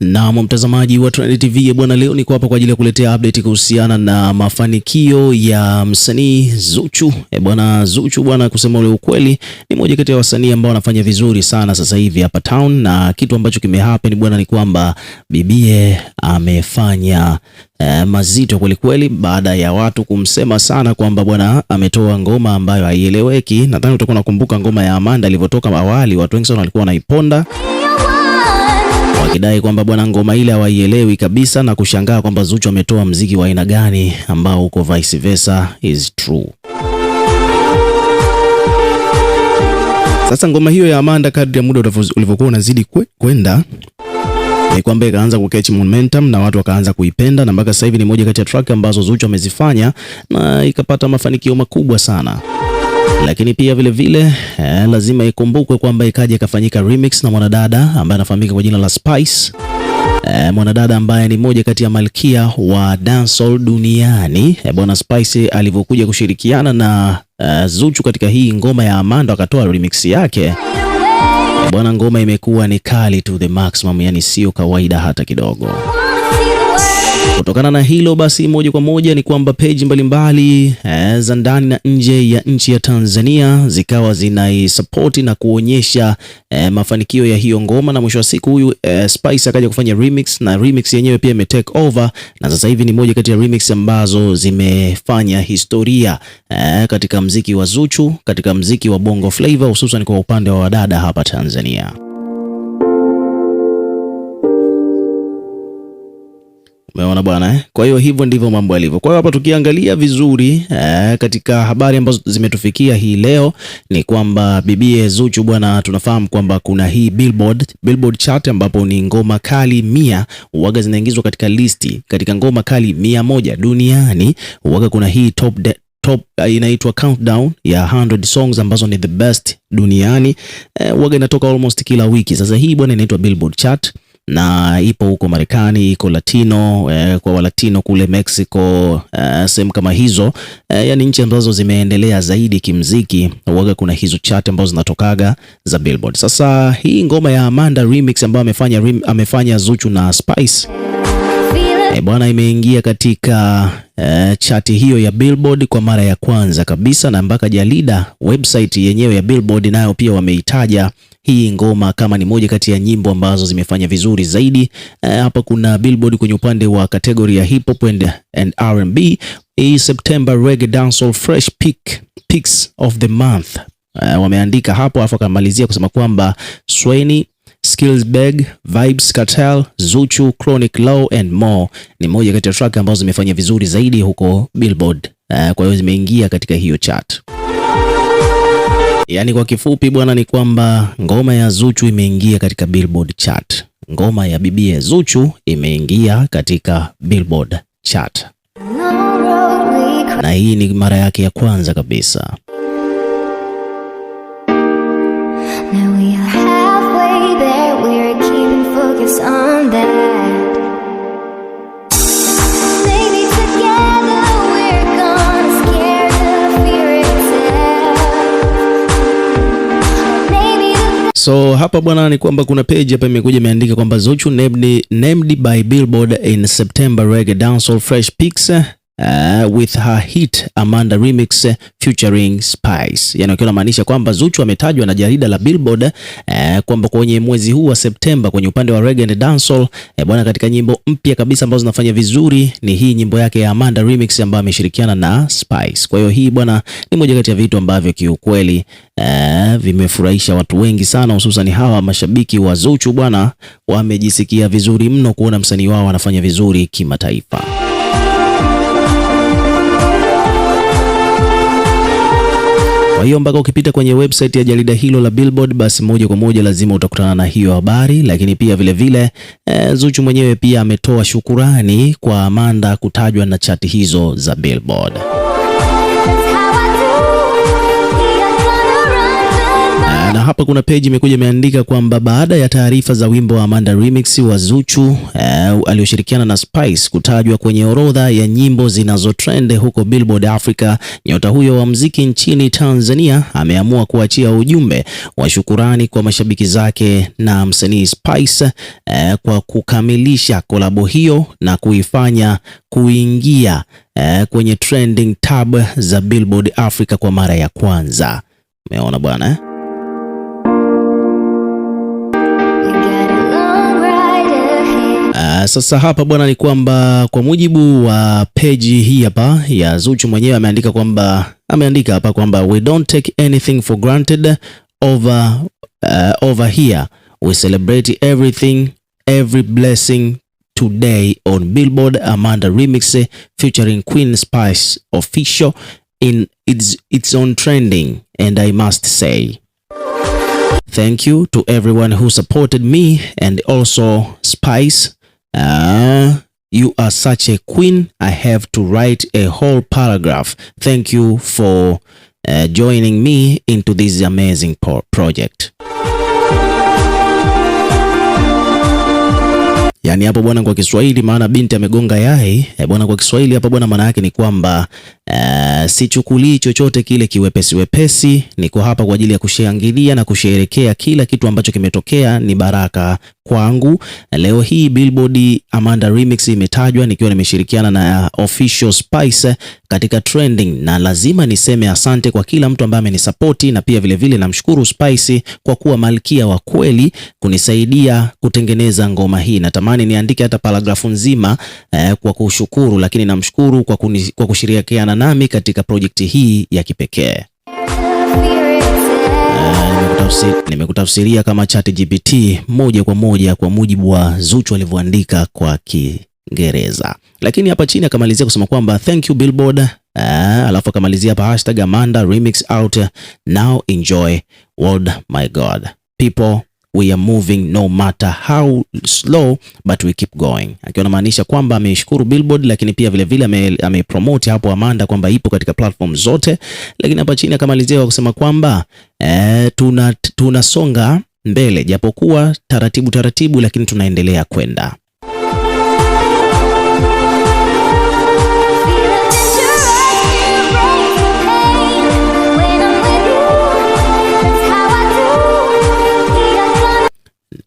Naam, mtazamaji wa Trend TV bwana, leo niko hapa kwa ajili ya kuletea update kuhusiana na mafanikio ya msanii Zuchu. E bwana, Zuchu bwana, kusema ule ukweli, ni mmoja kati ya wasanii ambao wanafanya vizuri sana sasa hivi hapa town, na kitu ambacho kimehappen bwana ni kwamba bibie amefanya eh, mazito kweli kweli, baada ya watu kumsema sana kwamba bwana ametoa ngoma ambayo haieleweki. Nadhani utakuwa unakumbuka ngoma ya Amanda ilivyotoka awali, watu wengi sana walikuwa wanaiponda wakidai kwamba bwana ngoma ile hawaielewi kabisa na kushangaa kwamba Zuchu ametoa mziki wa aina gani ambao uko vice versa is true. Sasa ngoma hiyo ya Amanda, kadri ya muda ulivyokuwa unazidi kwenda ni kwamba ikaanza kucatch momentum na watu wakaanza kuipenda, na mpaka sasa hivi ni moja kati ya track ambazo Zuchu amezifanya na ikapata mafanikio makubwa sana. Lakini pia vilevile vile, eh, lazima ikumbukwe kwamba ikaja ikafanyika remix na mwanadada ambaye anafahamika kwa jina la Spice. eh, mwanadada ambaye ni moja kati ya malkia wa dancehall duniani eh, bwana Spice alivyokuja kushirikiana na eh, Zuchu katika hii ngoma ya Amando akatoa remix yake eh, bwana, ngoma imekuwa ni kali to the maximum, yani sio kawaida hata kidogo. Kutokana na hilo basi, moja kwa moja ni kwamba peji mbalimbali eh, za ndani na nje ya nchi ya Tanzania zikawa zinaisapoti na kuonyesha e, mafanikio ya hiyo ngoma, na mwisho wa siku huyu e, Spice akaja kufanya remix na remix yenyewe pia ime over, na sasa hivi ni moja kati ya remix ambazo zimefanya historia e, katika mziki wa Zuchu, katika mziki wa Bongo Flava hususan kwa upande wa wadada hapa Tanzania. Umeona bwana eh? Kwa hiyo hivyo ndivyo mambo yalivyo. Kwa hiyo hapa tukiangalia vizuri eh, katika habari ambazo zimetufikia hii leo ni kwamba bibie Zuchu bwana, tunafahamu kwamba kuna hii Billboard, Billboard chart ambapo ni ngoma kali mia uwaga zinaingizwa katika listi katika ngoma kali mia moja duniani uwaga kuna hii top de top eh, inaitwa countdown ya 100 songs ambazo ni the best duniani, eh, uwaga inatoka almost kila wiki. Sasa hii bwana inaitwa Billboard chart na ipo huko Marekani, iko Latino eh, kwa Walatino kule Mexico eh, sehemu kama hizo eh, yani nchi ambazo zimeendelea zaidi kimziki, waga kuna hizo chat ambazo zinatokaga za Billboard. Sasa hii ngoma ya Amanda remix ambayo amefanya, amefanya Zuchu na Spice eh, bwana imeingia katika eh, chati hiyo ya Billboard kwa mara ya kwanza kabisa, na mpaka Jalida website yenyewe ya Billboard nayo pia wameitaja hii ngoma kama ni moja kati ya nyimbo ambazo zimefanya vizuri zaidi. Eh, hapa kuna Billboard kwenye upande wa kategori ya hip hop and, and R&B. Hii September Reggae Dancehall Fresh Pick, Picks of the Month. e, wameandika hapo afu akamalizia kusema kwamba Skills Bag, Vibes Cartel, Zuchu, Chronic Low and More ni moja kati ya track ambazo zimefanya vizuri zaidi huko Billboard. Eh, kwa hiyo zimeingia katika hiyo chart. Yaani kwa kifupi bwana ni kwamba ngoma ya Zuchu imeingia katika Billboard chart. Ngoma ya ya Zuchu imeingia katika Billboard chart, na hii ni mara yake ya kwanza kabisa. Now we are halfway there, we are keeping focus on that. So hapa bwana, ni kwamba kuna page hapa imekuja imeandika kwamba Zuchu named, named by Billboard in September reggae dancehall fresh Picks uh, with her hit Amanda remix eh, featuring Spice, yani akiwa anamaanisha kwamba Zuchu ametajwa na jarida la Billboard uh, kwamba kwenye mwezi huu wa Septemba kwenye upande wa reggae and dancehall uh, bwana, katika nyimbo mpya kabisa ambazo zinafanya vizuri ni hii nyimbo yake ya Amanda remix ambayo ameshirikiana na Spice. Kwa hiyo hii bwana, ni moja kati ya vitu ambavyo kiukweli uh, vimefurahisha watu wengi sana, hususan hawa mashabiki wa Zuchu bwana, wamejisikia vizuri mno kuona msanii wao anafanya vizuri kimataifa. Kwa hiyo mpaka ukipita kwenye website ya jarida hilo la Billboard, basi moja kwa moja lazima utakutana na hiyo habari. Lakini pia vilevile vile, e, Zuchu mwenyewe pia ametoa shukurani kwa Amanda kutajwa na chati hizo za Billboard. hapa kuna page imekuja imeandika kwamba baada ya taarifa za wimbo wa Amanda Remix wa Zuchu uh, alioshirikiana na Spice kutajwa kwenye orodha ya nyimbo zinazotrend huko Billboard Africa, nyota huyo wa mziki nchini Tanzania ameamua kuachia ujumbe wa shukurani kwa mashabiki zake na msanii Spice uh, kwa kukamilisha kolabo hiyo na kuifanya kuingia uh, kwenye trending tab za Billboard Africa kwa mara ya kwanza. Umeona bwana eh? Ah, sasa hapa bwana, ni kwamba kwa mujibu wa peji hii hapa ya Zuchu mwenyewe ameandika kwamba ameandika hapa kwamba we don't take anything for granted over, uh, over here we celebrate everything every blessing today on Billboard Amanda remix featuring Queen Spice official in its, its own trending and I must say thank you to everyone who supported me and also Spice Uh, you are such a queen. I have to write a whole paragraph. Thank you for uh, joining me into this amazing pro project. Yani hapo bwana, kwa Kiswahili maana binti amegonga yai e bwana. Kwa Kiswahili hapo bwana, maana yake ni kwamba uh, sichukulii chochote kile kiwepesi wepesi. Niko hapa kwa ajili ya kushangilia na kusherekea kila kitu ambacho kimetokea, ni baraka kwangu. Leo hii Billboard Amanda Remix imetajwa nikiwa nimeshirikiana na uh, Official Spice katika trending, na lazima niseme asante kwa kila mtu ambaye amenisapoti, na pia vilevile namshukuru Spice kwa kuwa malkia wa kweli kunisaidia kutengeneza ngoma hii. Natamani niandike hata paragrafu nzima eh, kwa kushukuru, lakini namshukuru kwa, kwa kushirikiana nami katika projekti hii ya kipekee nimekutafsiria kama ChatGPT moja kwa moja kwa mujibu wa Zuchu alivyoandika kwa Kiingereza. Lakini hapa chini akamalizia kusema kwamba thank you Billboard. Ah, alafu akamalizia hapa hashtag Amanda remix out now enjoy world my god people we are moving no matter how slow but we keep going, akiwa namaanisha kwamba ameishukuru Billboard, lakini pia vilevile amepromote vile hapo Amanda kwamba ipo katika platform zote, lakini hapa chini akamalizia kusema kwamba eh, tunasonga tuna mbele japokuwa taratibu taratibu, lakini tunaendelea kwenda.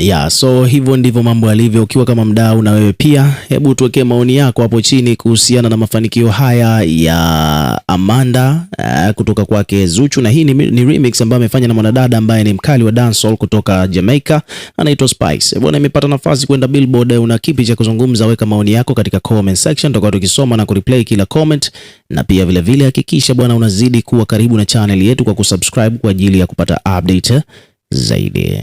Yeah, so hivyo ndivyo mambo yalivyo. Ukiwa kama mdau na wewe pia, hebu tuwekee maoni yako hapo chini kuhusiana na mafanikio haya ya Amanda uh, kutoka kwake Zuchu, na hii ni, ni remix ambayo amefanya na mwanadada ambaye ni mkali wa dancehall kutoka Jamaica anaitwa Spice. Bwana, imepata nafasi kwenda Billboard. Una kipi cha kuzungumza? Weka maoni yako katika comment section, tutakuwa tukisoma na kureplay kila comment, na pia vilevile hakikisha bwana unazidi kuwa karibu na channel yetu kwa kusubscribe kwa ajili ya kupata update zaidi.